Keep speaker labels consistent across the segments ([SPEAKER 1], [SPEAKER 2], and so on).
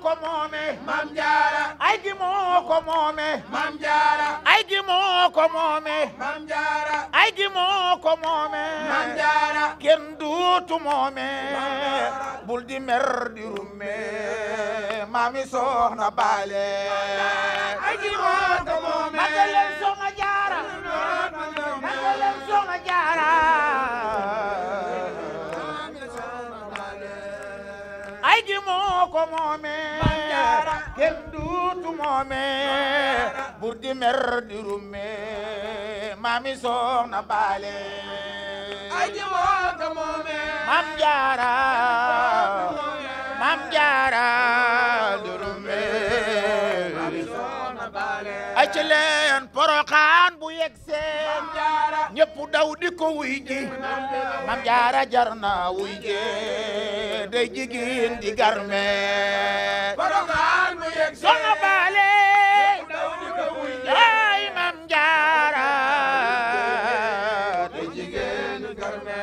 [SPEAKER 1] ko moome mam jaara ay gi moo ko moome mam jaara ay gi moo ko moome mam jaara kenn duutu moome bul di mer di rumme mami soxna baale ay gi moo ko moome magalel soxna jaara magalel jaara moo ko moomee kenn duutu moomee bur di mer di rummee baale maam jaara jaara di rummee ci leen bu yegg seen daw di ko wuy ji mam jaara jar na wuy ji day jigéen di garme poroxaan bu yegg seen baale mam jaara day jigéen di garme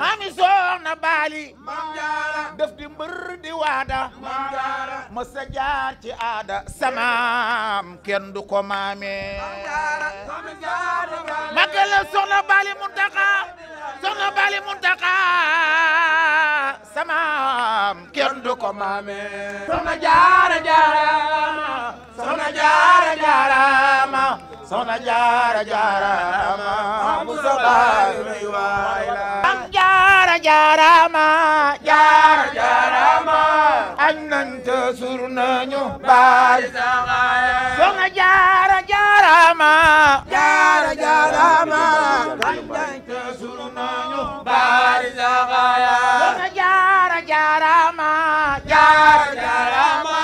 [SPEAKER 1] mami soxna baali waada mësa jaar Bali Muntaxa soxna Bali Muntaxa samaam kenn du ko maame soxna jaara jaara
[SPEAKER 2] soxna jaara jaara ma
[SPEAKER 1] soxna jaara jaara ma bu soxla jaara jaaraama jaara jaaraama añ nañ te sur nañu baay soxna jaara jaaraama jaara jaaraama añ nañ te sur nañu baay soxna jaara jaaraama jaara
[SPEAKER 3] jaaraama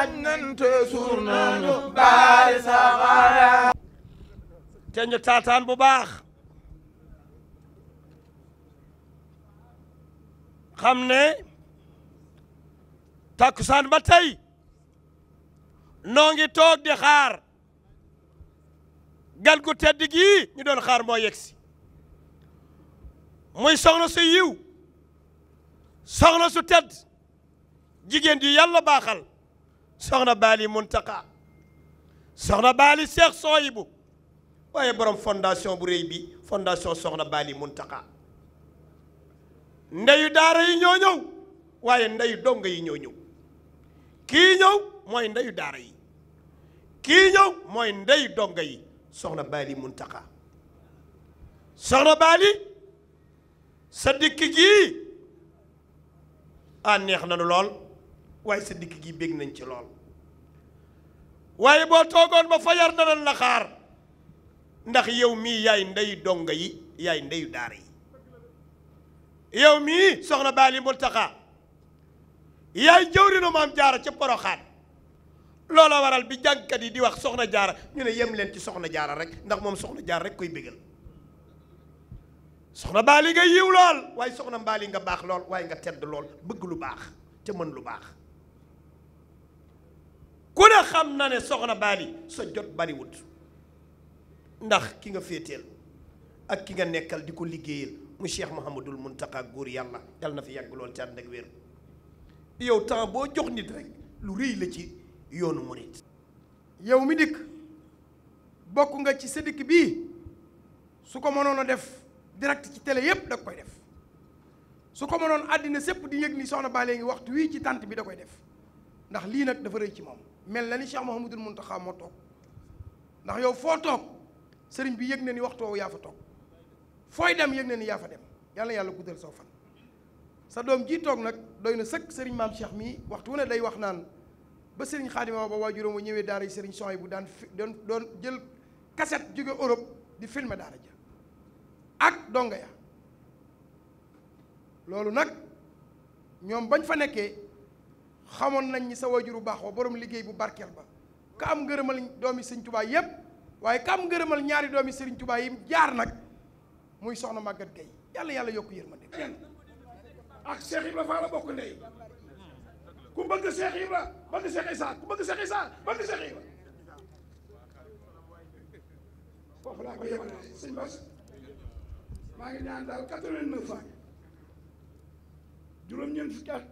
[SPEAKER 3] añ nañ te sur nañu baay soxna te ñu taataan bu baax xam ne takkusaan ba tey noo ngi toog di xaar gan gu tedd ñu doon xaar moo yegg si muy soxna su yiw soxna su tedd jigéen ji yàlla baaxal soxna baali muntaka soxna baali seex sooyibu waaye borom fondation bu réy bi fondation soxna baali muntaka ndeyu daara yi ñoo ñëw waaye ndeyu dongo yi ñoo ñëw kii ñëw mooy ndeyu daara yi kii ñëw mooy ndeyu dongo yi soxna mun Muntaka soxna Baali sa dikk gii a neex nanu lool waaye sa dikk gii bég nañ ci lool waaye boo toogoon ba fajar danañ la xaar ndax yow mii yaay ndeyu dongo yi yaay ndeyu daara yi yow mii soxna Baali Multaxa yaay jëwrinu maam jaara ca poroxaan loola waral bi jàngkat yi di wax soxna jaara ñu ne yem leen ci soxna jaara rek ndax moom soxna jaara rek koy bégal soxna Baali nga yiw lool waaye soxna Baali nga baax lool waaye nga tedd lool bëgg lu baax te mën lu baax ku ne xam na ne soxna Baali sa jot bariwut ndax ki nga féeteel ak ki nga nekkal di ko liggéeyal mu Cheikh Mouhamadul Mountakha góor yàlla yal na fi yàgg lool ci ànd ak wér yow temps boo jox nit rek lu rëy la ci yoonu murit yow mi dikk
[SPEAKER 4] bokk nga ci sa dikk bi su ko mënoon a def direct ci télé yépp da koy def su ko mënoon àddina sépp di yëg ni soxna Bale ngi waxtu wii ci tànt bi da koy def ndax lii nag dafa rëy ci moom mel na ni Cheikh Mouhamadul Mountakha moo toog ndax yow foo toog sëriñ bi yëg na ni waxtoo yaa fa toog fooy dem yëg na ni yaa fa dem yàlla yàlla guddal soo fan sa doom jii toog nag doy na sëkk sëriñ maam Cheikh mii waxtu wu ne day wax naan ba sëriñ xaadima ba waajuróom wa ñëwee daara yi sëriñ Soy bu daan fi doon doon jël kaset jóge Europe di filmer daara ja ak donga ya loolu nag ñoom bañ fa nekkee xamoon nañ ni sa waajuru baax wa borom liggéey bu barkeel ba ka am ngërëmal doomi sëriñ Tuubaa yépp waaye ka am ngërëmal ñaari doomi sëriñ Tuubaa yi jaar nag muy soxna màgget Gueye yàlla yàlla yokk yërmande kenn ak Cheikh Ibra Fall la bokk ndey ku bëgg
[SPEAKER 5] Cheikh Ibra bëgg Cheikh Issa ku bëgg Cheikh Issa maa ngi ñaan daal quatre-vingt-neuf juróom-ñeent fukki at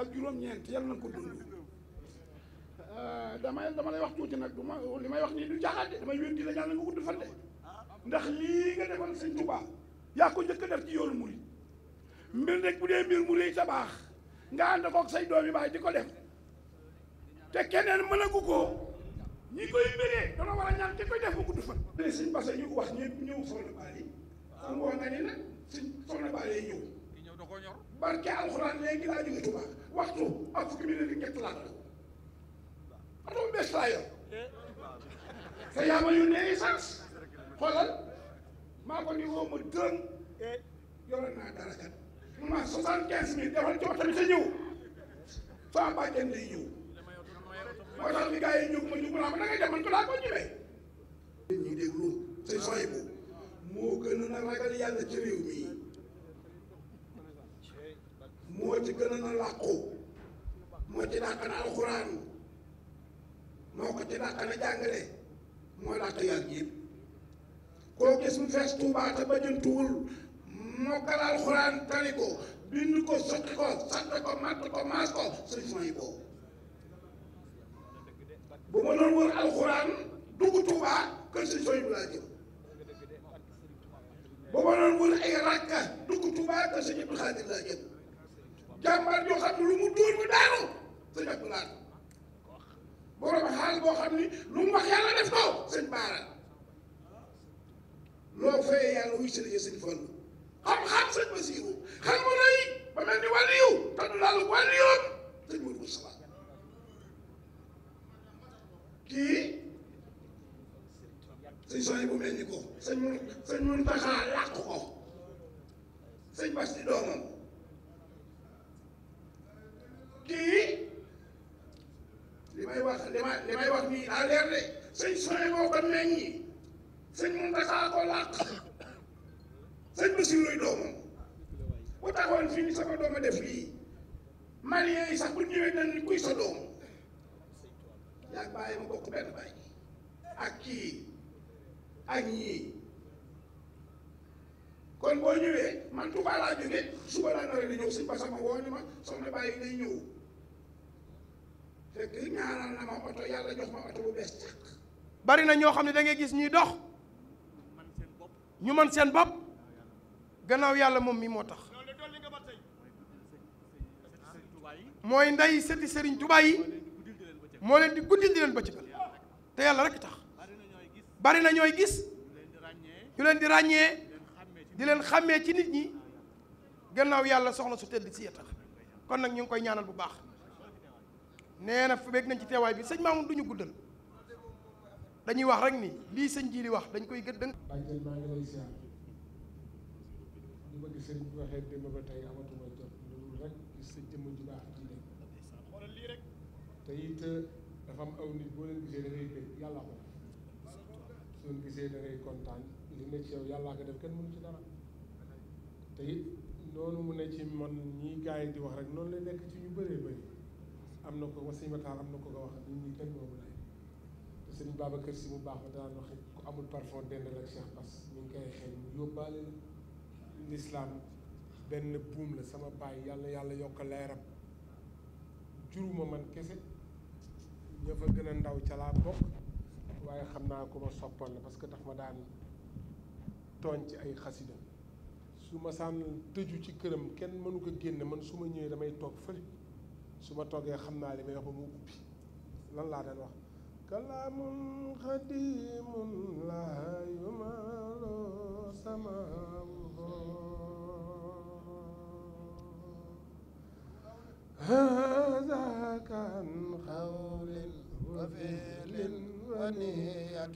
[SPEAKER 5] ak juróom-ñeent yàlla na ko dund euh, damay dama lay wax tuuti nag du li may wax nii du jaaxaate damay wér di la ñaan nga gudd fan de ndax lii nga defoon sëñ Tuubaa yaa ko njëkk def ci yoonu murid mbir nag bu dee mbir mu rëy ta baax nga ànd kook say doom yi baay di ko def te keneen mën ko ñi koy béree dana war a ñaan te koy def mu gudd fan sëñ Basse ñu wax ñëpp ñëw soxna Bally am wax nga ni nag sëñ soxna Bally ñëw barke alxuraan léegi laa jóge Tuubaa waxtu ak fukki minute ñett laa ko atom bés laa yor te yaa ma yónnee essence xoolal maa ko ni woo ma dën yore naa dara kat mu ma soixante quinze mille defal ci waxtaan bi ñëw saa bàjjen day ñëw moo tax bi yi ñëw ma ñëw mu naa ma da ngay a yàlla ci réew mi moo ci gën a na làqu moo ci dàq na alxuraan moo ko ci dàq na jàngale moo dàq yàlla yëpp koo gis mu fees Tuubaa te bajantuwul mokkal alxuraan tari ko bind ko sotti ko sant ko matt ko maas ko sëñ Sohaybu ko bu ma wër alxuraan dugg Tuubaa kër sëñ Sohaybu laa jëm bu ma wër ay rakka dugg Tuubaa kër sëñ Abdul Xaadir laa jëm jàmbar joo xam ne lu mu dóor mu daanu sëñ Abdul Xaadir borom xaal boo xam ni lu mu wax yàlla def ko sëñ Baara loo fayee yàlla wuy sëriñ sëriñ Fallu xam-xam sëñ Basiiru xel mu rëy ba mel ni wàllu yiw te du laal wàllu yoon sëñ Moodu kii sëñ Soy bu mel ni ko sëñ mun sëñ mun taxaa ko sëñ Bas di doomam kii li may wax li may wax nii daa leer de sëñ Soy boo ko meññi sëñ Muntaxa ko làq sëñ Basiru lay doomam bu taxawal fii ni sama dooma def lii malien yi sax bu ñëwee nañ ni kuy sa doom yaa bàyyi ma bokk benn bàyyi ak kii ak ñii kon boo ñëwee man Tuubaa laa jógee suba laa nara di ñëw sëñ Basama woo ni ma soxna bàyyi day ñëw fekk ñaanal
[SPEAKER 4] na ma oto yàlla jox ma oto bu bees càq bari na ñoo xam ne dangay ngay gis ñuy dox ñu man seen bopp gannaaw yàlla moom mi moo tax mooy ndey sëti sëriñ Tuubaa yi moo leen di guddil di leen bëccëgal te yàlla rek tax bari na ñooy gis ñu leen di ràññee di leen xàmmee ci nit ñi gannaaw yàlla soxna su tedd si ya tax kon nag ñu ngi koy ñaanal bu baax nee na fu beeg nañ ci teewaay bi sëñ Mamoune duñu ñu guddal dañuy wax rek ni lii sëñ ji di wax dañ koy gën dëng bàjjen maa ngi lay siyaar
[SPEAKER 2] ñu bëgg sëñ bi waxee démb ba tey amatuma jot loolu rek gis sa jëmm ju baax ji de xoolal lii rek te eh, dafa am aw nit boo leen gisee da bëgg yàlla ko su leen gisee da ngay kontaan li ne ci yow yàllaa ko def kenn mënu ci dara te it noonu mu ne ci man ñuy gars yi di wax rek noonu lay nekk ci ñu bëree bëri am na ko ma sëñ am na ko ko wax nit ñi kenn moomu lay Babacar si bu baax ma daan wax ku amul parfum dend la Cheikh Bass ñu ngi koy xel mu yóbbaale la lislaam benn buum la sama baay yàlla yàlla yokk leeram juruma man kese ñoo fa gën a ndaw ca laa bokk waaye xam naa ko ma soppoon la parce que daf ma daan tooñ ci ay xasida su ma sànn tëju ci këram kenn mënu ko génn man su ma ñëwee damay toog fële su ma toogee xam naa li may wax ba mu lan laa daan wax كلام قديم لا يمال سماه هذا كان قول وفعل ونية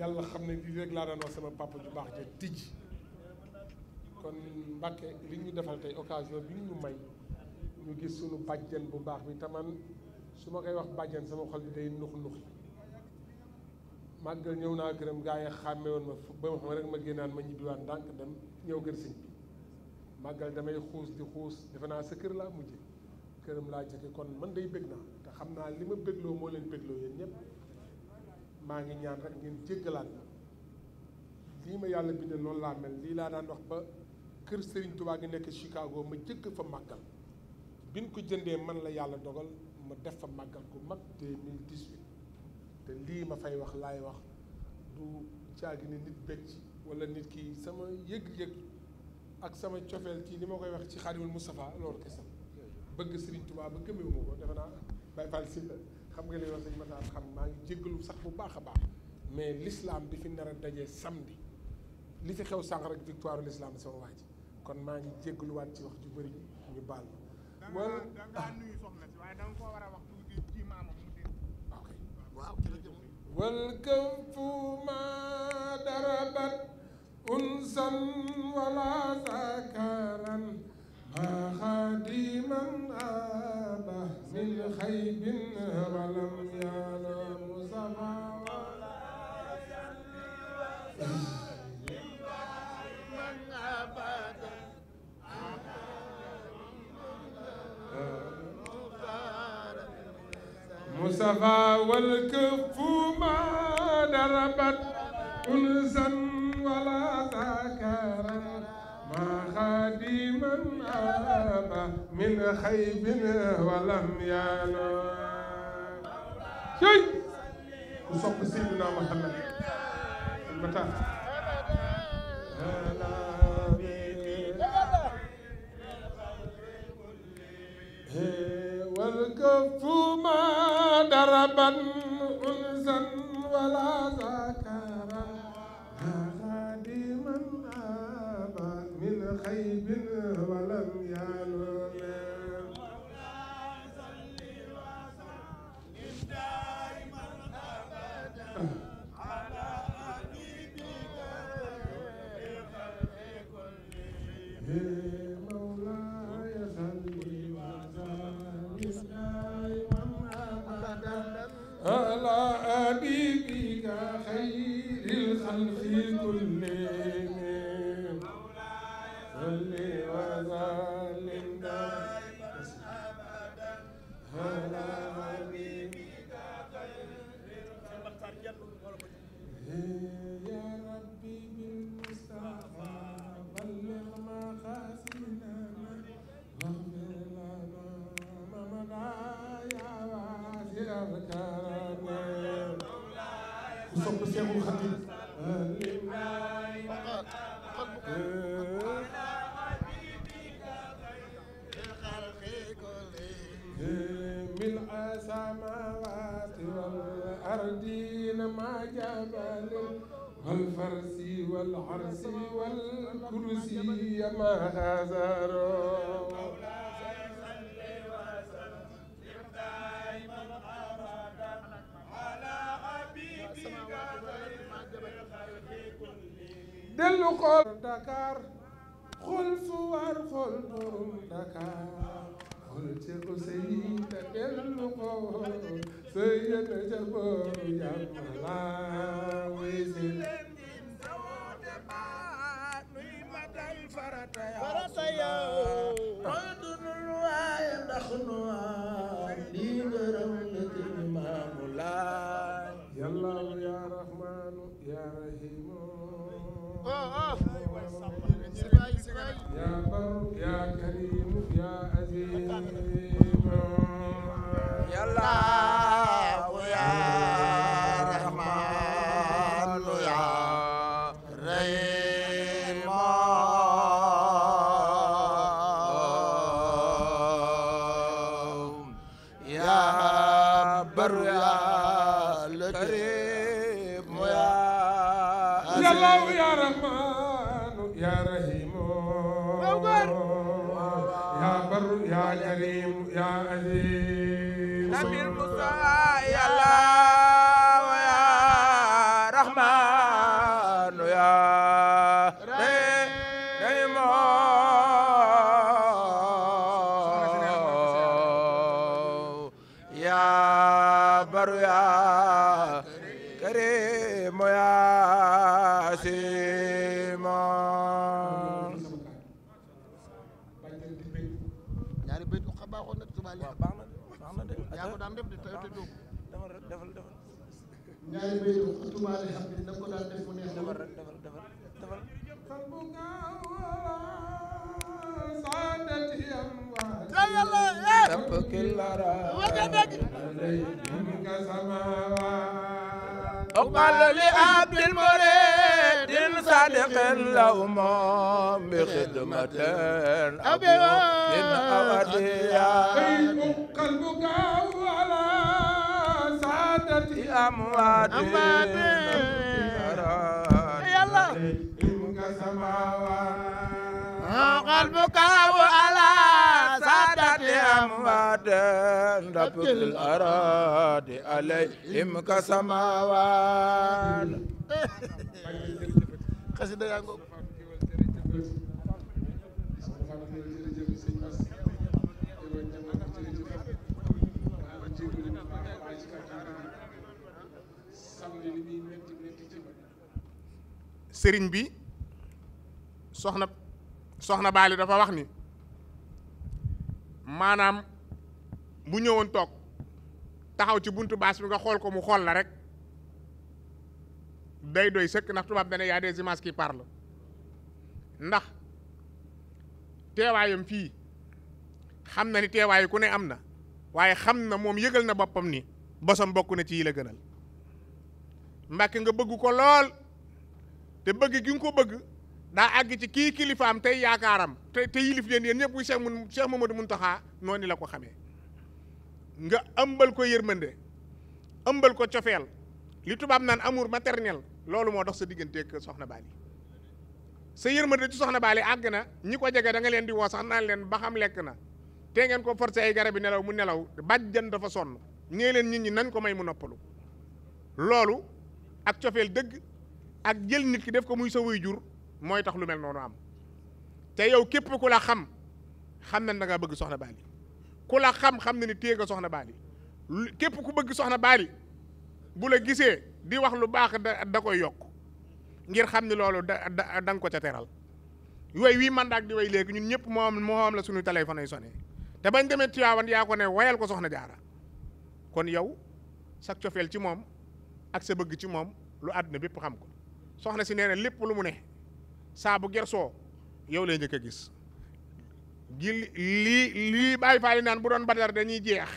[SPEAKER 2] yàlla xam ne lii rek laa daan wax sama papa ju baax ja tij kon Mbàkke li ñu defal tey occasion bi ñu may ñu gis suñu bàjjen bu baax bi taman su ma koy wax bàjjen sama xol bi day nux nuxi màggal ñëw naa këram gaa yi xàmme woon ma ba ma xam rek ma génnaan ma ñibbiwaat ndànk dem ñëw kër sëñ bi màggal damay xuus di xuus defe naa sa kër laa laa jëkke kon man day bëgg naa te xam naa li ma bëggloo moo leen bëggloo yéen ñëpp maa ngi ñaan rek ngeen jéggalaat lii ma yàlla bindee noonu laa mel lii laa daan wax ba kër Serigne Touba gi nekk Chicago ma jëkk fa màggal bi ñu ko jëndee man la yàlla dogal ma def fa màggal ku mag 2018 te lii ma fay wax laay wax du caagi ni nit becc wala nit ki sama yëg-yëg ak sama cofeel ci li ma koy wax ci Xaadimul Moustapha loolu kese bëgg Serigne Touba ba gëmewuma ko defe naa Baye Fall si xam nga li wax sëñ Matar xam maa ngi jéggalu sax bu baax a baax mais l'islam bi fi nar a dajee samedi li fi xew sànq rek victoire l'islam sama waa ji kon maa ngi jégaluwaat ci wax ju bëri ñu baal ma. wala da nga
[SPEAKER 6] nuyu soxna si waaye da nga koo war a wax tuuti ci maamam mu dégg.
[SPEAKER 2] ok waaw jërëjëf. wal kawfu ma darabat unsan wala sakaran ma xadiman aba min xaybin walam yaala musafa مصطفى والكف ما دربت
[SPEAKER 3] أنسا
[SPEAKER 2] ولا ذكرا ما خادما أبى من خيب ولم ينم شيء وصف سيدنا محمد المتاع العرش والكرسي ما هزاروا dellu xool Dakar xool fu war xool borom Dakar xool ci ko sey te dellu xool sey yéen a ca booru yàlla laa wéy re moya sima ñaari
[SPEAKER 5] bayt ko xaba xon na tuba
[SPEAKER 2] li
[SPEAKER 1] baax na baax na de yaa ko daan def de tayo te do defal defal defal ñaari bayt ko tuba li xam ni dang ko daan def mu neex defal rek defal defal defal
[SPEAKER 2] yàlla eh!
[SPEAKER 1] أقبل لعبد المريد صادق لهم بخدمة أبي أوديا قلبك على سعادة أموات يلا قلبك على تندب الأراد عليهم
[SPEAKER 6] bi soxna soxna Baali dafa wax ni maanaam bu ñëwoon toog taxaw ci buntu baas bi nga xool ko mu xool la rek day doy sëkk ndax tubaab dane yaa des images kii parlent ndax teewaayam fii xam na ni teewaayu ku ne am na waaye xam na moom yëgal na boppam ni bosam bokk na ci yi la gënal Mbàkke nga bëgg ko lool te bëgg gi nga ko bëgg daa àgg ci kii kilifaam tey yaakaaram te te yilif leen yéen ñëpp muy mun taxaa Muntaxa noonu la ko xamee nga ëmbal ko yërmande ëmbal ko cofeel li tubaab naan amour maternel loolu moo dox sa digganteeg soxna Bali sa yërmande ci soxna Bali àgg na ñi ko jege da nga leen di woo sax naan leen ba xam lekk na te ngeen ko forcé ay garab yi nelaw mu nelaw bàjjan dafa sonn ñee leen nit ñi nañ ko may mu noppalu loolu ak cofeel dëgg ak jël nit ki def ko muy sa wuy jur mooy tax lu mel noonu am te yow képp ku la xam xam na da ngaa bëgg soxna Bali ku la xam-xam ne ni téye nga soxna baali képp ku bëgg soxna baali bu la gisee di wax lu baax da da koy yokk ngir xam ne loolu da da nga ko ca teral yooyu wii man daak di way léegi ñun ñëpp moo moom la suñu téléphone ay sone te bañ demee Tiwaawan yaa ko ne wayal ko soxna jaara kon yow sa cofeel ci moom ak sa bëgg ci moom lu àdduna bépp xam ko soxna si nee na lépp lu mu ne saabu bu gersoo yow lay njëkk a gis gi lii lii bàyyi faal naan bu doon badar dañuy jeex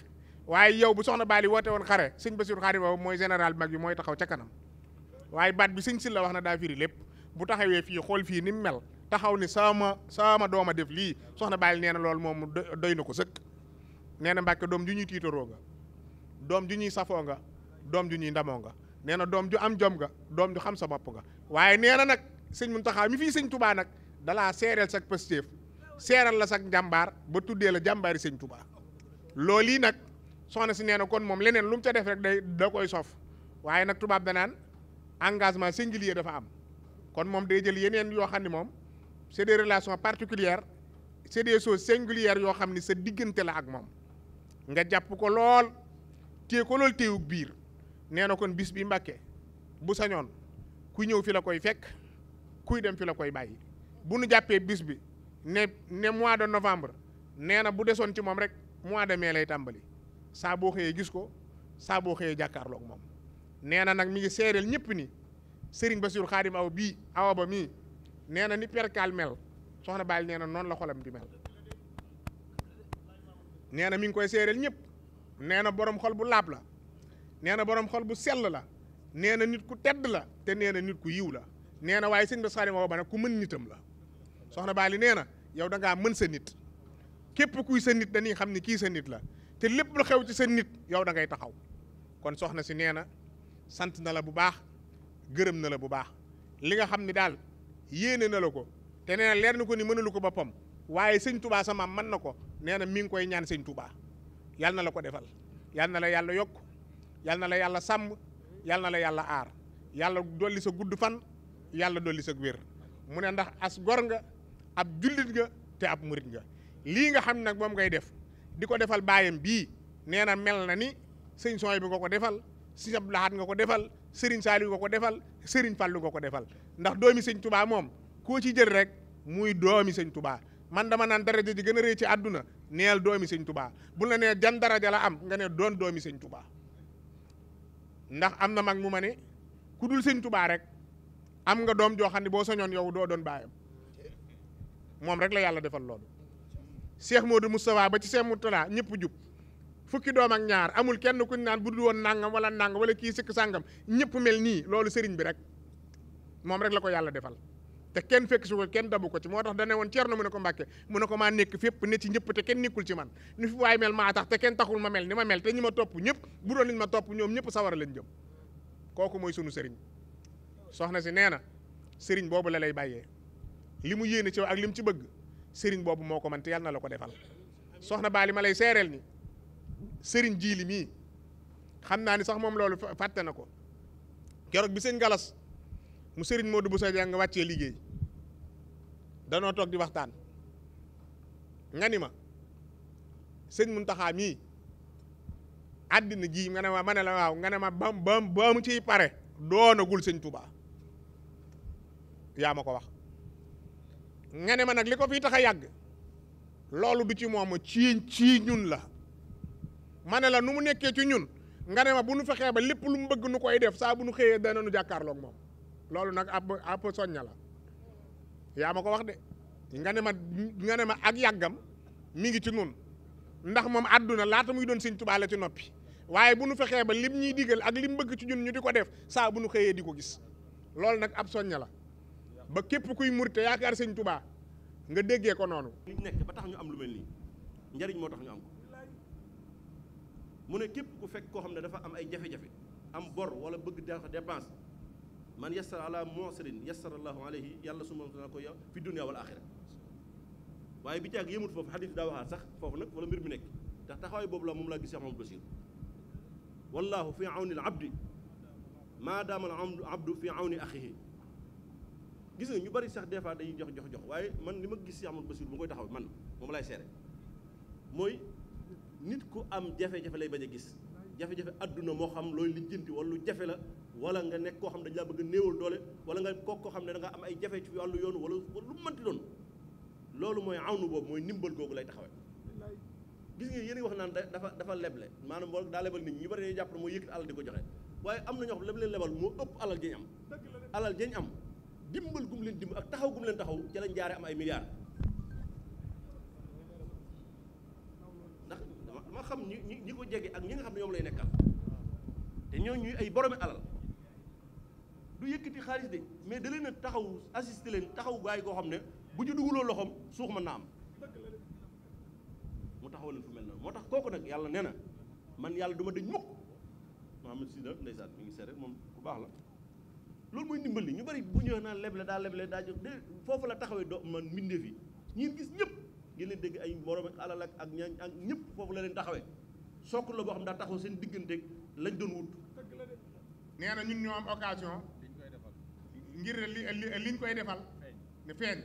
[SPEAKER 6] waaye yow bu soxna baali woote woon xare sëñ Bassirou Khary boobu mooy général mag yi mooy taxaw ca kanam waaye baat bi sëñ Sylla wax na daa firi lépp bu taxawee fii xool fii ni mu mel taxaw ni sama sama doom a def lii soxna Bali nee na loolu moom doy na ko sëkk nee na Mbàkke doom ju ñuy tiitaroo nga doom ju ñuy safoo nga doom ju ñuy ndamoo nga nee na doom ju am jom nga doom ju xam sa bopp nga waaye nee na nag sëñ Muntaxa mi fii sëñ Tubaa nag dalaa seereel sa pëstéef seeral la sax jàmbaar ba tuddee la jàmbaari sëñ Touba lool yi nag soxna si nee na kon moom leneen lu mu ca def rek day da koy sof waaye nag tubaab danaan engagement singulier dafa am kon moom day jël yeneen yoo xam ni moom c'est des relations particulières c'est des choses singulières yoo xam ni sa diggante la ak moom nga jàpp ko lool téye ko lool téewug biir nee na kon bis bi Mbàkke bu sañoon kuy ñëw fi la koy fekk kuy dem fi la koy bàyyi bu nu jàppee bis bi ne ne mois de novembre nee na bu desoon ci moom rek mois de mai lay tàmbali saaboo xëyee gis ko saaboo boo xëyee jàkkaarloog moom nee na nag mi ngi seereel ñëpp ni Serigne Bassirou Khadim aw bii awa ba mii nee na ni perkaal mel soxna Baali nee na noonu la xolam di mel nee na mi koy seereel ñëpp nee na borom xol bu laab la nee na borom xol bu sell la nee na nit ku tedd la te nee na nit ku yiw la nee na waaye Serigne Bassirou Khadim awa ba nag ku mën nitam la. soxna Baali nee na yow da mën sa nit képp kuy sa nit dañuy xam ni kii sa nit la te lépp lu xew ci sa nit yow da ngay taxaw kon soxna si nee na sant na la bu baax gërëm na la bu baax li nga xam ni daal yéene na la ko te nee na leer na ko ni mënalu ko boppam waaye sëñ tubaa sama maam mën na ko nee na mi ngi koy ñaan sëñ tubaa yal na la ko defal yal na la yàlla yokk yal na la yàlla sàmm yal na la yàlla aar yàlla dolli sa gudd fan yàlla dolli sa wér mu ab jullit nga te ab murit nga lii nga xam nag moom ngay def di ko defal baayam bii nee na mel na ni sëñ sooy bi nga ko defal sëñ Abdou Lahad nga ko defal sëriñ Saliou nga ko defal sëriñ fallu nga ko defal ndax doomi sëñ tubaa moom koo ci jël rek muy doomi sëñ tubaa man dama naan daraja ji gën a rëy ci àdduna neel doomi sëñ tubaa bu la nee jan daraja la am nga nee doon doomi sëñ tubaa ndax am na mag mu ma ne ku dul sëñ tubaa rek am nga doom joo xam ne boo soñoon yow doo doon baayam moom rek la yàlla defal loolu Cheikh Modou Moustapha ba ci Cheikh Moutala ñëpp jub fukki doom ak ñaar amul kenn kuñ naan bu dul woon nangam wala nangam wala kii sikk sàngam ñëpp mel nii loolu sëriñ bi rek moom rek la ko yàlla defal te kenn fekk su ko kenn dabu ko ci moo tax dane woon ceerno mu ne ko mbàkke mu ne ko maa nekk fépp ne ci ñëpp te kenn nekkul ci man ni fi waay mel maa tax te kenn taxul ma mel ni ma mel te ñi ma topp ñëpp bu doon liñ ma topp ñoom ñëpp sawara lañ jëm kooku mooy sunu sëriñ soxna si nee na sëriñ boobu la lay bàyyee li mu yéene ci yow ak li ci bëgg sëriñ boobu moo ko man te yàlla na la ko defal soxna baali ma lay seereel ni sëriñ jiili mii xam naa ni sax moom loolu fàtte na ko keroog bi sëñ galas mu sëriñ Modou Bousso Dieng nga wàccee liggéey danoo toog di waxtaan nga ni ma sëñ Muntaxa mii àddina ji nga ne ma ma nga ne ma bam bam ba pare doonagul sëñ yaa ma ko wax nga ne ma nag li ko fii tax a yàgg loolu du ci moom ci ci ñun la ma ne la nu mu nekkee ci ñun nga ne ma bu nu fexee ba lépp lu mu bëgg nu koy def saa bu nu xëyee dana nu jàkkaarloog moom loolu nag ab ab la yaa ma ko wax de nga ne ma nga ne ma ak yàggam mi ngi ci nun ndax moom àdduna laata muy doon Sëñ Tuubaa la ci noppi waaye bu nu fexee ba lim ñuy digal ak lim bëgg ci ñun ñu di ko def saa bu nu xëyee di ko gis loolu nag ab soñña la ba képp kuy muur te yaakaar sëñ tubaa
[SPEAKER 7] nga déggee ko noonu li nekk ba tax ñu am lu mel nii njariñ moo tax ñu am ko mu ne képp ku fekk koo xam ne dafa am ay jafe-jafe am bor wala bëgg da dépense man yassara ala mu'sirin yassara allahu alayhi yàlla su ma dana ko yow fi dunya wal axira waaye bi caag yëmut foofu xadis daa waxaat sax foofu nag wala mbir mi nekk ndax taxawaay boobu la moom laa gis Cheikh Basir wallahu fi awni al abdi maadaama al abdu fi awni axihi gis nga ñu bari sax des fois dañuy jox jox jox waaye man li ma gis si Amadou Bassirou mu koy taxaw man moom laay seere mooy nit ku am jafe-jafe lay bañ a gis jafe-jafe adduna moo xam loolu lijjanti wala lu jafe la wala nga nekk koo xam dañ laa bëgg a doole wala nga koo koo xam ne danga am ay jafe ci wàllu yoon wala lu mënti doon loolu mooy awnu boobu mooy ndimbal googu lay taxawee gis nga yéen a wax naan dafa dafa leble maanaam boo daa lebal nit ñi ñu bari dañuy jàpp ne mooy yëkkati alal di ko joxe waaye am na ñoo xam leb leen lebal moo ëpp alal jëñ am alal jëñ am dimbal gum leen dimbal ak taxaw gum leen taxaw ci lañ jaare am ay milliards ndax dama xam ñi ñi ko jege ak ñi nga xam ne ñoom lay nekkal te ñoo ñuy ay boromi alal du yëkkati xaalis de mais da na taxaw assisté leen taxaw gaay koo xam ne bu ñu dugaloo loxoom suux mën naa am mu taxaw leen fu mel noonu moo tax kooku nag yàlla nee na man yàlla du ma dëñ mukk Mouhamed Sida ndeysaan mi ngi seet rek moom ku baax la loolu mooy ndimbali ñu bari bu ñëw naan leble daa leble daa jox de foofu la taxawee do man mbindeef yi ñun gis ñëpp ngeen leen dégg ay borom ak alal ak ak ñaañ ak ñëpp foofu la leen taxawee sokkul la boo xam daa taxaw seen digganteeg lañ doon wut.
[SPEAKER 6] nee na ñun ñoo am occasion. ngir li li liñ koy defal. ne feeñ.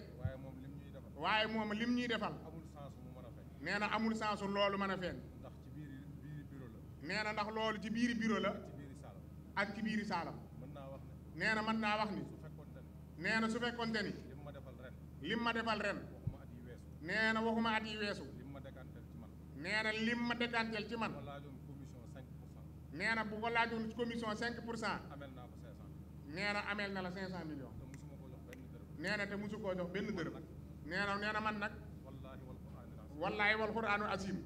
[SPEAKER 6] waaye moom li mu ñuy defal. amul sens mu na amul sens loolu mën a feeñ. ndax
[SPEAKER 2] ci biir biir
[SPEAKER 6] ndax loolu ci biiri bureau la. ak ci biiri saalam. saalam. nee na mën naa wax ni nee na su fekkonte ni lim ma defal ren lim ma defal ren nee na waxuma at yi weesu nee na lim ma dekanteel ci man nee na bu ko laajoon commission 5 pour cent nee na ameel na la 500 millions nee na te musu koo jox benn dërëm nee na nee na man nag
[SPEAKER 2] wallaahi wal quraanul
[SPEAKER 6] asiim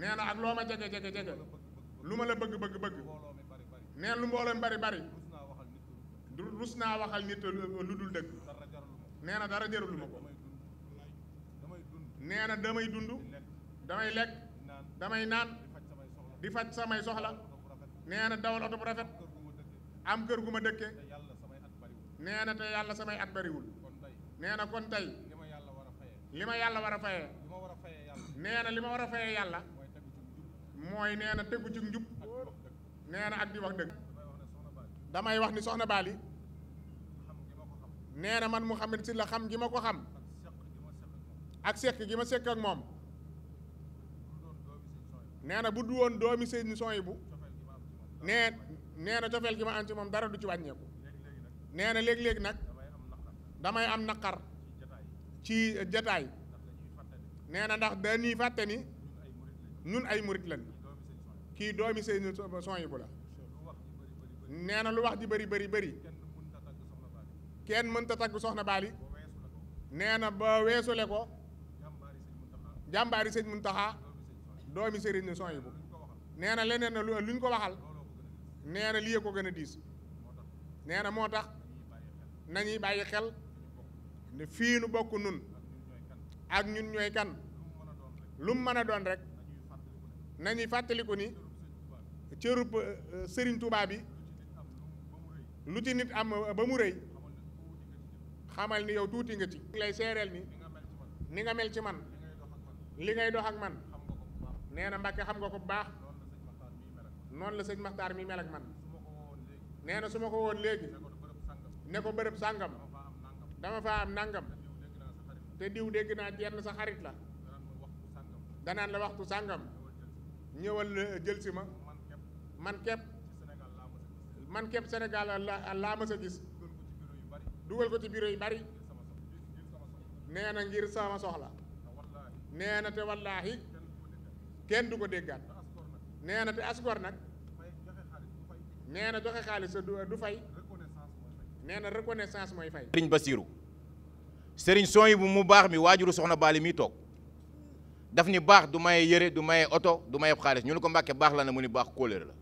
[SPEAKER 6] nee na ak loo ma jege jege jege lu ma la bëgg bëgg bëgg. nee lu mbooloo bari bari rus naa waxal nit lu dul dëgg nee na dara jëralu ma ko damay dund damay lekk damay naan di faj samay soxla nee na dawal oto bu rafet am kër gu ma dëkke nee na te yàlla samay at bariwul nee na kon tey li ma yàlla war a fayee nee na li ma war a fayee yàlla mooy nee na tegu ci njub nee na ak di wax dëgg damay wax ni soxna Bali nee na man Mouhamed Sylla xam gi ma ko xam ak sekk gi ma sekk ak moom nee na bu du woon doomi seen son yi bu nee nee na cofeel gi ma am ci moom dara du ci wàññeeku nee na léegi léeg nag damay am naqar ci jataay nee na ndax dañuy fàtte ni ñun ay murit lañ kii doomi seen son yi bu la nee na lu wax ji bëri bëri bëri kenn mënta tagg soxna baali nee na ba weesule ko jàmbaari sëñ Muntaxa doomi sëriñ ni son yi bu nee na leneen na lu ñu ko waxal nee na lii ko gën a diis nee na moo tax nañuy bàyyi xel ne fii nu bokk nun ak ñun ñooy kan lu mu mën a doon rek nañuy fàttaliku ni cërub euh, euh, sëriñ tubaab bi lu ci nit am euh, ba mu rëy xamal ni yow tuuti nga ci lay seereel ni ni nga mel ci man li ngay dox ak man nee na Mbàkke xam nga ko bu baax noonu la sëñ Maxtaar mi mel ak man nee na su ma ko woon léegi ne ko bërëb sàngam dama fa am nàngam te diw dégg naa yenn sa xarit la danaan la waxtu sàngam ñëwal jël si ma man képp man képp Sénégal la laa mës a gis dugal ko ci bureau yu bari nee na ngir sama soxla nee na te wallaahi kenn du ko déggaat nee na te askor nag nee na joxe xaalis du fay nee na reconnaissance mooy fay.
[SPEAKER 8] Serigne Bassirou Serigne Soy bu mu baax mi waajuru soxna Baali mi toog daf ni baax du maye yëre du maye oto du maye xaalis ñu ne ko Mbàkke baax la ne mu ni baax kóolóore la.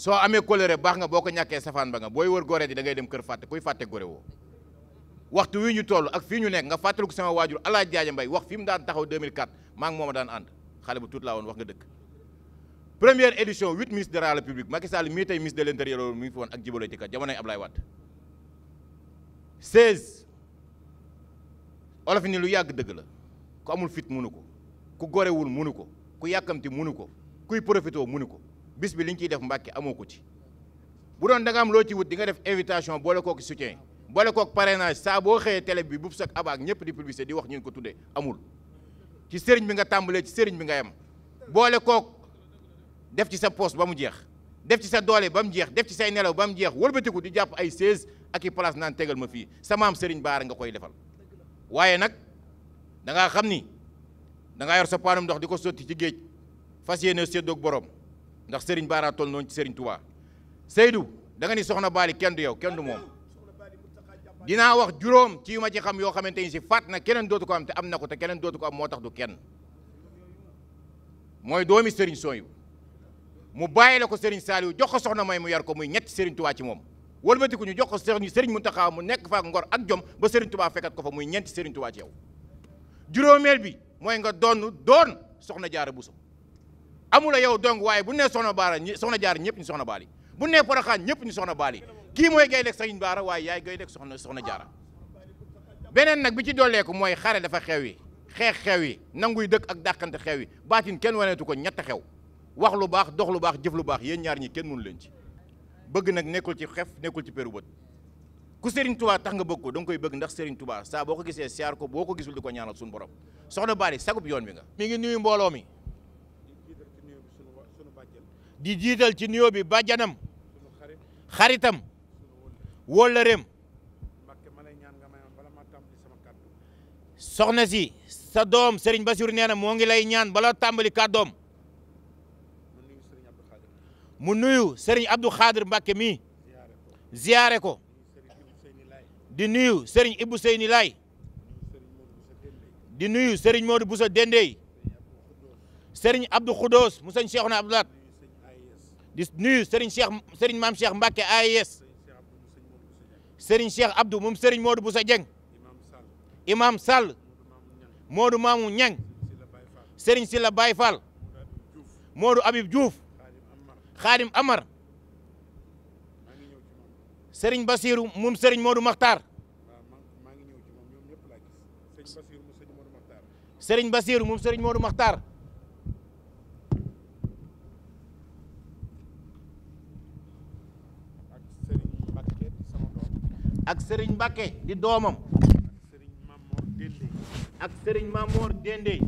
[SPEAKER 8] soo amee colère baax nga boo ko ñàkkee safaan ba nga booy wër gore di da ngay dem kër fàtte kuy fàtte gore woo waxtu wi ñu toll ak fii ñu nekk nga fàttaliku sama waajur alaaj jaaja mbay wax fi mu daan taxaw 2004 maa ngi mooma daan ànd xale bu tuut laa woon wax nga dëkk première édition huit ministres de la république Macky Sall mii tey ministre de l'intérieur loolu mi ngi fi woon ak Djibo Leyti Ka jamonoy Ablaye Wade 16 olof ni lu yàgg dëgg la ku amul fit munu ko ku gorewul munu ko ku yàkkamti munu ko kuy profité munu ko bis bi li ñu ciy def Mbàkke amoo ko ci bu doon da am loo ci wut di nga def invitation boole kook soutien boole kook parrainage saa boo xëyee télé bi buuf sak abaak ñëpp di publicité di wax ñun ko tuddee amul ci sëriñ bi nga tàmbalee ci sëriñ bi nga yem boole kook def ci sa poste ba mu jeex def ci sa doole ba mu jeex def ci say nelaw ba mu jeex wëlbatiku di jàpp ay 16 ak i place naan tegal ma fii sa maam sëriñ baara nga koy defal waaye nag da xam ni danga yor sa paanum ndox di ko sotti ci géej fas yéene séddoog borom ndax sëriñ Bara toll noonu ci Serigne Touba Seydou da nga ni soxna Bali kenn du yow kenn du moom dinaa wax juróom ci yu ci xam yoo xamante ni si faat na keneen dootu ko am te am na ko te keneen dootu ko am moo tax du kenn mooy doomi Serigne sooyu mu bàyyi la ko Serigne Saliou jox ko soxna may mu yar ko muy ñetti Serigne Touba ci moom wëlbatiku ñu jox ko Serigne Mountakha mu nekk fa ak ngor ak jom ba Serigne Touba fekkat ko fa muy ñeenti Serigne Touba ci yow juróomeel bi mooy nga doon doon soxna jaara Bousso amula yow donc waaye bu ne soxna baara soxna jaar ñëpp ñu soxna baali bu nee poroxaan ñëpp ñu soxna baali kii mooy gay lekk sëriñ baara waaye yaay gay lekk soxna soxna jaara beneen nag bi ci dolleeku mooy xare dafa xew yi xeex xew yi nanguy dëkk ak dàqante xew yi baatin kenn waneetu ko ñett xew wax lu baax dox lu baax jëf lu baax yéen ñaar ñi kenn mënu leen ci bëgg nag nekkul ci xef nekkul ci peru bët ku Serigne Touba tax nga bëgg ko da nga koy bëgg ndax Serigne Touba saa boo ko gisee siyaar ko boo ko gisul ko ñaanal suñu borom soxna baali sagub yoon bi nga mi ngi nuyu mbooloo mi di jiital ci nuyoo bi bàjjanam xaritam wóllëreem soxna si sa doom Serigne Bassirou nee na moo ngi lay ñaan bala tàmbali kàddoom mu nuyu Serigne Abdou Khadir Mbacke mii ziyaare ko di nuyu Serigne Ibou Seyni Laay di nuyu Serigne Modou Boussa Dendey Serigne Abdou mu sëñ Cheikhouna Abdou di nuyu Serigne Cheikh Serigne maam Cheikh Mbacke AIS Serigne Cheikh Abdou moom Serigne Modou Boussa Dieng Imam Sall Modou Mamou Niang Serigne Silla Baye Fall Modou Habib Diouf Khadim Amar Serigne Bassirou moom Serigne Modou Makhtar Serigne Bassirou moom Serigne Modou Makhtar ak Serigne Mbacké di doomam ak Serigne Mamor Dendey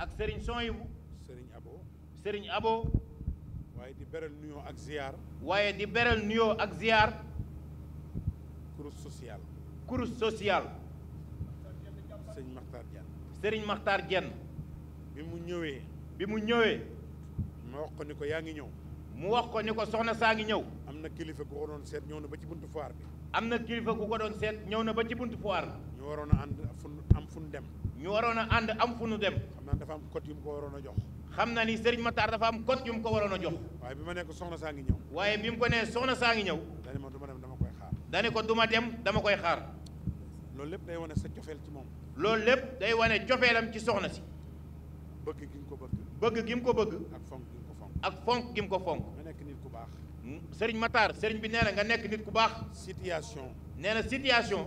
[SPEAKER 8] ak Serigne Soyibu sëriñ Abo Serigne Abo waaye di beral nuyoo ak ziar waaye di beral nuyoo ak ziar course sociale course sociale Serigne Makhtar Diène bi mu ñëwee bi mu ñëwee ma wax ko ko yaa ngi ñëw mu wax ko ni ko soxna saa ngi ñëw. am na kilifa gu ko doon seet ñëw na ba ci buntu foire bi. am na kilifa gu ko doon seet ñëw na ba ci buntu foire bi. ñu waroon a ànd fu am fu nu dem. ñu waroon a ànd am fu nu dem. xam naa dafa am code yu mu ko waroon a jox. xam naa ni Serigne Matar dafa am code yu mu ko waroon a jox. waaye bi ma nekk soxna saa ngi ñëw. waaye bi mu ko nee soxna saa ngi ñëw. dane ma du ma dem dama koy xaar. dane ko du dem dama koy xaar. loolu lépp day wane sa cofeel ci moom. loolu lépp day wane cofeelam ci soxna si. bëgg gi mu ko bëgg. bëgg gi mu bëgg. ak fonk ak fonk gi ko fonk. nga nekk nit ku baax. Hmm? sëriñ Matar sëriñ bi nee nga nekk nit ku baax. situation. nee na situation.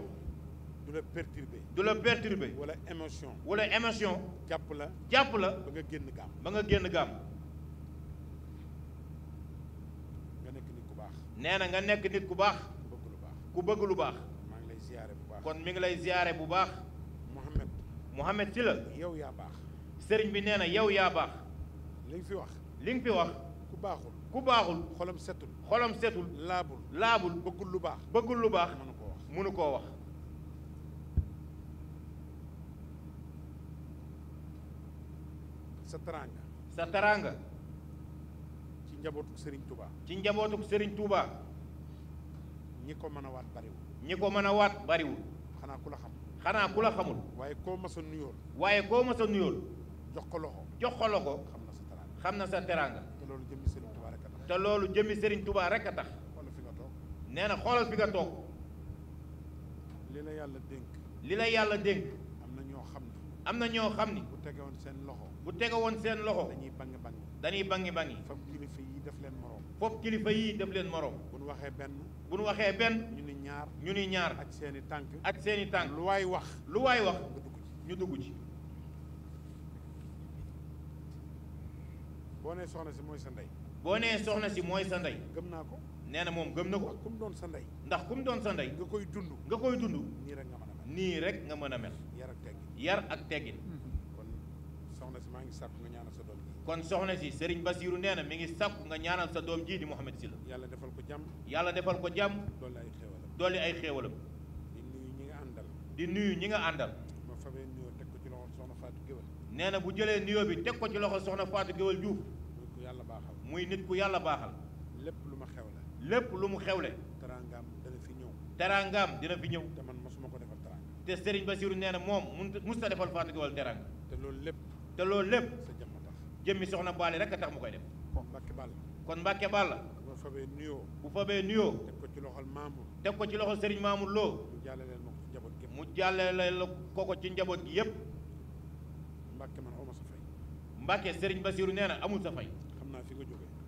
[SPEAKER 8] du la perturber. du la perturber. wala émotion. wala émotion. jàpp la jàpp la. ba nga génn gàmm. ba nga génn gàmm. nga nekk nit ku baax. nee na nga nekk nit ku baax. ku bëgg lu baax
[SPEAKER 9] ku lay
[SPEAKER 8] ziare kon mi ngi lay ziare bu baax. Mouhamed. Mouhamed si la. yow yaa baax. sëriñ bi nee na yow yaa baax. wax. li nga fi wax ku baaxul ku baaxul xolam setul xolam setul laabul laabul bëggul lu baax bëggul lu baax mënu koo wax mënu koo wax
[SPEAKER 9] sa teraanga sa teraanga ci njabootuk sëriñ Touba
[SPEAKER 8] ci njabootuk Serigne Touba ñi ko mën a waat bariwul ñi ko mën a waat bariwul xanaa ku la xam xanaa xamul waaye koo mas a nuyool waaye koo mas a nuyool jox ko loxo jox ko loxo xam na sa teraanga. te loolu jëmmi Serigne Touba rek a tax. te loolu jëmmi Serigne tubaa rek a tax. xoolal fi nga toog. nee na xoolal fi nga toog. li la yàlla dénk. li la yàlla dénk. am na ñoo xam ne. am na ñoo xam ne bu tegewoon seen loxo. bu tege woon seen loxo. dañuy bangi bangi. dañuy bangi bangi. foofu kilifa yii def leen morom. foofu kilifa yii def leen moroom bu nu waxee benn. bu nu waxee benn. ñu ni ñaar. ñu ni ñaar. ak seen i tànk. ak seeni i tànk. lu waay wax. lu waaye wax. ñu dugg ci. boo nee soxna si mooy sa ndey. boo nee soxna si mooy sa ndey. gëm ko. nee na moom gëm na ko. ku mu doon sa ndey. ndax ku doon sa ndey. nga koy dund. nga koy dund. nii rek nga mën a mel. nii rek nga mën a mel. yar ak teggin. yar ak teggin. kon soxna si maa ngi sàkku nga ñaanal sa doom ji. kon soxna si Serigne Bassirou nee na ngi sàkku nga ñaanal sa doom ji di Mouhamed Sylla. yàlla defal ko jàmm. yàlla defal ko jàmm. dolli ay xéewalam. ay xéewalam. di nuyu ñi nga àndal. di nuyu ñi nga àndal. nee na bu jëlee nuyoo bi teg ko ci loxo soxna Fatou Guewel Diouf. muy ku yàlla baaxal. muy nit ku yàlla baaxal. lépp lu ma xewle. lépp lu mu xew xewle. teraangaam dina fi ñëw. teraangaam dina fi ñëw. te man ma suma ko defal teraanga. te Serigne Bassirou nee na moom mun musta defal Fatou Guewel teraanga. te loolu lépp. te loolu lépp. sa jëmm tax jëmmi soxna Baale rek a tax mu koy def. kon Mbacke Ball. kon Mbacke Ball. bu fabee nuyoo. bu
[SPEAKER 9] fabee nuyoo. teg ko ci loxol Mamour.
[SPEAKER 8] teg ko ci loxol Serigne Mamour Lo. mu jàllale la ko ci njaboot gi yëpp. la ko ko ci njaboot gi yëpp Mbacke man awma sa fay. Mbacke Serigne Bassirou nee na amul sa fay.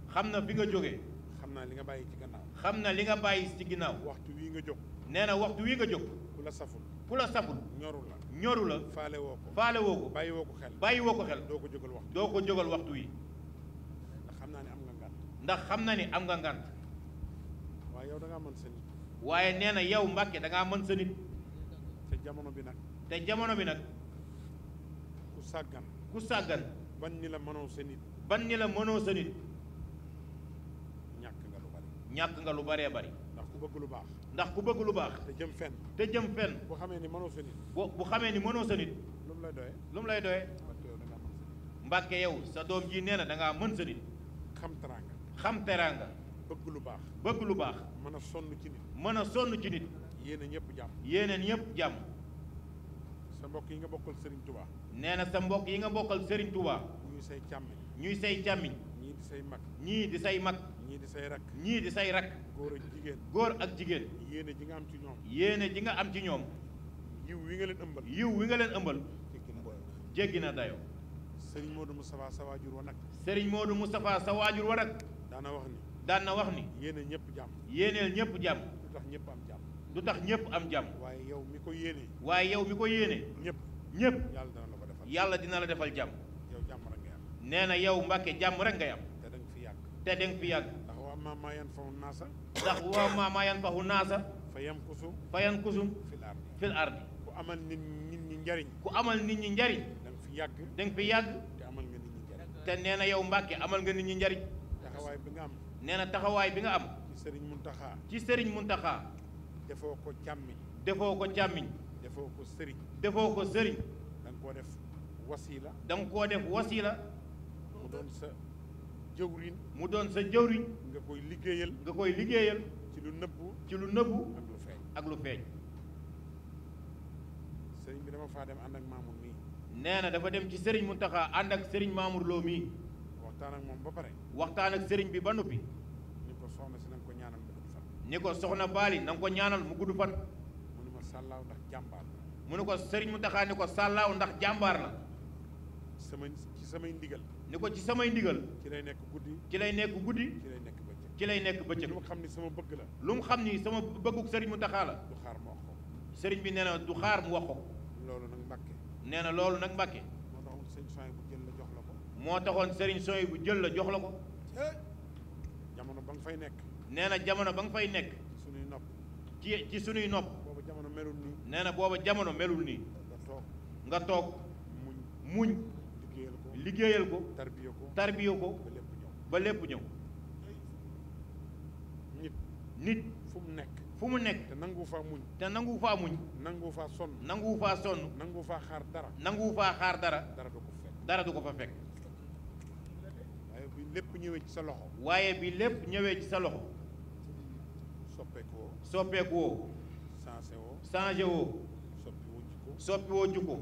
[SPEAKER 8] xam naa fi nga jóge xam na fi nga jógee. xam naa li nga bàyyi ci gannaaw. xam na li nga bàyyi ci ginnaaw. waxtu wii nga jóg. nee na waxtu wii nga jóg. ku la saful. ku la la ñoru la. faale woo ko faale woo ko. bàyyi woo ko xel doo ko jógal waxtu doo ko wi. ndax xam naa ne am nga ngànt. ndax xam na ni am nga ngànt. waaye yow da ngaa mën waaye nee na yow Mbacke da ngaa mën sa nit. te jamono bi nag. te jamono bi nag. sàggan ku sàggan ban ni la mënoo sa nit ban ni la mënoo sa nit ñàkk nga lu bari ñàkk nga lu baree bari ndax ku bëgg lu baax ndax ku bëgg lu baax te jëm fenn te jëm fenn bu xamee ni mënoo sa nit bu xamee ni mënoo sa nit lay doyee lu lay doyee mbàkke yow sa doom ji nee na danga mën sa nit xam teraanga xam teraanga bëgg lu baax bëgg lu baax mën a sonn ci nit mën a sonn ci nit yéene ñëpp jàmm yéene ñëpp jàmm mbokk yi nga bokkal Serigne Touba. nee na sa mbokk yi nga bokkal Serigne Touba. ñuy say càmmiñ. ñuy say càmmiñ. ñii di say mag. ñii di say mag. ñii di say rak. ñii di say rak. góor ak jigéen. góor ak jigéen. yéene ji nga am ci ñoom. yéene ji nga am ci ñoom. yiw wi nga leen ëmbal. yiw wi nga leen ëmbal. jéggi na dayoo. Serigne Modou Moustapha sa waajur wa nag. sëriñ Serigne Modou Moustapha sa waajur wa nag. daan na wax ni. daan na wax ni. yéene ñëpp jàmm. yéeneel ñëpp jàmm. lu jàmm. du tax ñëpp am jàmm. waaye yow mi ko yéene. waaye yow mi ko yéene. ñëpp ñëpp. yàlla dina la defal yàlla dina la defal jàmm. yow jàmm nee na yow Mbàkke jàmm rek ngay am. te da fi yàgg. te da nga fi yàgg. ndax wa ammaa naasa. fa yankusu. fa yankusu. fil ardi fil amal nit ñi njariñ. ku amal nit ñi njariñ. da nga fi yàgg. da nga fi yàgg. te ñi njariñ. te nee na yow Mbàkke amal nga nit ñi njariñ. taxawaay bi nga am. nee na taxawaay bi nga am. ci Serigne Mountakha. ci Serigne Mountakha defoo ko càmmiñ defoo ko càmmiñ defoo ko sëriñ defoo ko sëriñ da nga koo def wasiila da nga koo def wasiila mu doon sa jëwriñ mu doon sa jëwriñ nga koy liggéeyal nga koy liggéeyal ci lu nëbbu ci lu nëbbu ak lu feeñ ak lu feeñ sëriñ bi dama fa dem ànd ak Mamour mii nee na dafa dem ci sëriñ Mountakha ànd ak sëriñ Mamour Lo mii waxtaan ak moom ba pare waxtaan ak sëriñ bi ba noppi ni ko soxna Baali na nga ko ñaanal mu gudd fan. mu ne ko sàllaaw ndax jàmbaar ne ko sàllaaw ndax jàmbaar la. sama ci samay ndigal. ni ko ci samay ndigal. ci lay nekk guddi. ci lay nekk guddi. ci lay nekk bëccëg. ci nekk bëccëg. lu mu xam ni sama bëgg la. lu mu xam ni sama bëgguk sëriñ Mountakha la. du xaar mu wax ko. sëriñ bi nee na du xaar mu wax ko. loolu nag Mbàkke. nee na loolu nag Mbàkke. moo taxoon sëriñ Sooy bu jël la jox la ko. jamono ba nga fay nekk. nee na jamono ba nga fay nekk. ci sunuy nopp. ci ci sunuy nopp. jamono melul nii. nee na booba jamono melul nii. nga toog nga toog. muñ muñ. liggéeyal ko liggéeyal ko. tarbiyo ko tarbiyo ko. ba lépp ñëw. nit. nit fu mu nekk. fu mu nekk te nangu faa muñ. te nangu faa muñ. nangu faa sonn. nangu faa sonn. nangu faa xaar dara. nangu faa xaar dara. dara du ko fekk ko fa fekk. waaye bi lépp ñëwee ci sa loxo. waaye bi lépp ñëwee ci sa loxo.
[SPEAKER 9] soppeekuwoo soppeekuwoo changé woo changé woo
[SPEAKER 8] soppiwoo jukko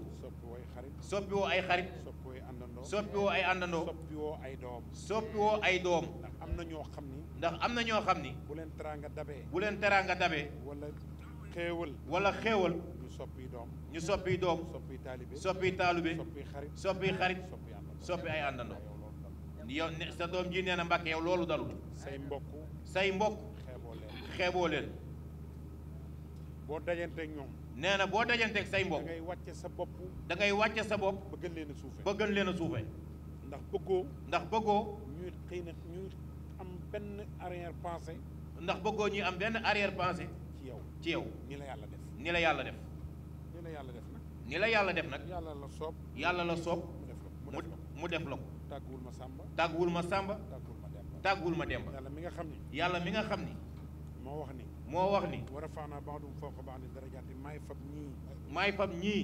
[SPEAKER 8] soppiwoo ay xarit soppiwoo ay xarit soppiwoo àndandoo soppiwoo ay àndandoo soppiwoo ay doom soppiwoo ay doom am na ñoo xam ni ndax am na ñoo xam ni bu leen teraanga dabee bu leen teraanga dabee wala xéewal wala xéewal ñu doom ñu soppi doom soppi taalibe soppi taalibe soppi xarit soppi xarit soppi ay àndandoo yow sa doom ji nee na Mbàkke yow loolu dalul say mbokk say mbokk xeeboo leen. boo dajanteeg ñoom. nee na boo dajanteeg say mbokk. ngay wàcce sa bopp. da ngay wàcce sa bopp. bëggal leen a suufee bëggal leen a suufee. ndax bëggoo. ndax bëggoo. ñuy xëy na am benn arrière pensée. ndax bëggoo ñuy am benn arrière pensée. ci yow ci yow. ni la yàlla def ni la yàlla def. ni yàlla def nag. ni yàlla def nag. yàlla la soob. yàlla la soob. mu def la mu def la ko. tàgguwul ma Samba. tàgguwul ma Samba. tàgguwul ma Demba. mi nga xam ni. yàlla mi nga xam ni. moo wax ni moo wax ni war a faanaa baadum
[SPEAKER 9] fawqa baadin darajaati maay
[SPEAKER 8] fab ñii maay fab ñii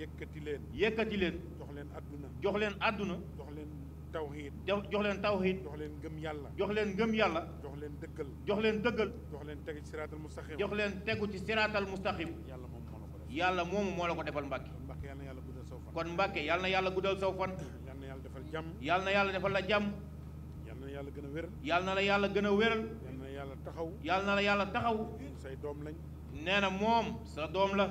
[SPEAKER 8] yëkkati leen yëkkati leen
[SPEAKER 9] jox leen adduna
[SPEAKER 8] jox leen adduna jox leen tawxiid jox leen tawxiid jox leen ngëm yàlla jox leen ngëm yàlla jox leen dëggal jox leen dëggal jox leen tegu ci siraatal mustaqim jox leen tegu ci siraatal mustaqim yàlla moom moo la ko def yàlla moomu moo la ko defal Mbàkke yàlla na kon Mbàkke yàlla na yàlla guddal saw fan yàlla na yàlla defal jàmm yàlla na yàlla defal la jàmm
[SPEAKER 9] yàlla na yàlla gën a wéral
[SPEAKER 8] yàlla la yàlla gën a wéral yàlla taxaw. yàlla na la yàlla taxaw. say doom lañ. nee na moom sa doom la.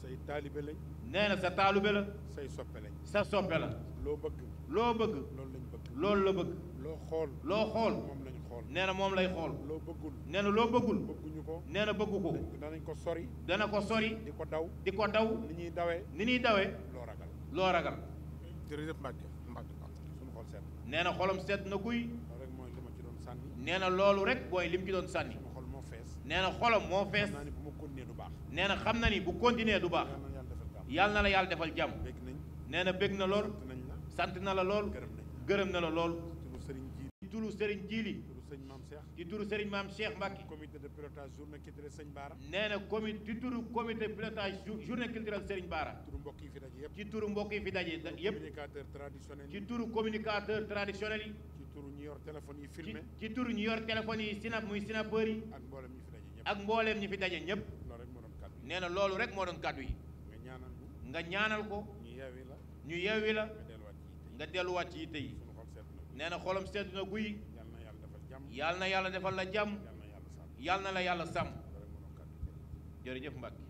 [SPEAKER 8] say taalibe lañ. nee na sa taalibe la.
[SPEAKER 9] say soppe lañ. sa soppe la.
[SPEAKER 8] loo bëgg. loo bëgg. loolu lañ bëgg. loolu la bëgg. loo xool. loo xool. moom lañ xool. nee na moom lay xool. loo bëggul. nee na loo bëggul. bëgguñu ko. nee na bëggu ko. danañ ko sori. dana ko sori. di ko daw. di ko daw. ni ñuy dawee. ni ñuy dawee. loo ragal. loo ragal. jërëjëf Mbacke Mbacke. nee na xolam seet na guy. nee na loolu rek booy lim ci doon sànni. nee na moo fees. nee na xam na ni bu continuer du baax. yàlla na la yàlla defal jàmm. nee na bég na lool. sant na la lool. gërëm na la lool. ci turu Serigne Djili. ci turu Serigne Maam Cheikh Mbacke. comité de pilotage journée culturelle Serigne Bara. nee na comi ci turu comité de pilotage journée culturelle Serigne Bara. ci turu mbokk yi fi daje yëpp. ci turu mbokk yi fi daje yëpp. ci turu communicateur traditionnel yi. turu ñu yor yi filmé. ci ci turu ñu yor téléphone yi sinap muy sinapeur yi. ak mbooleem ñi fi daje ñëpp. ak nee na loolu rek moo doon kàddu yi. nga ñaanal ko. nga ñaanal ko. ñu yeewi la. ñu yeewi la. nga delluwaat ci yitte yi. nee na xolam sedd na guy. yàlla na yàlla defal la jàmm. yàlla na la yàlla sàmm. jërëjëf Mbacke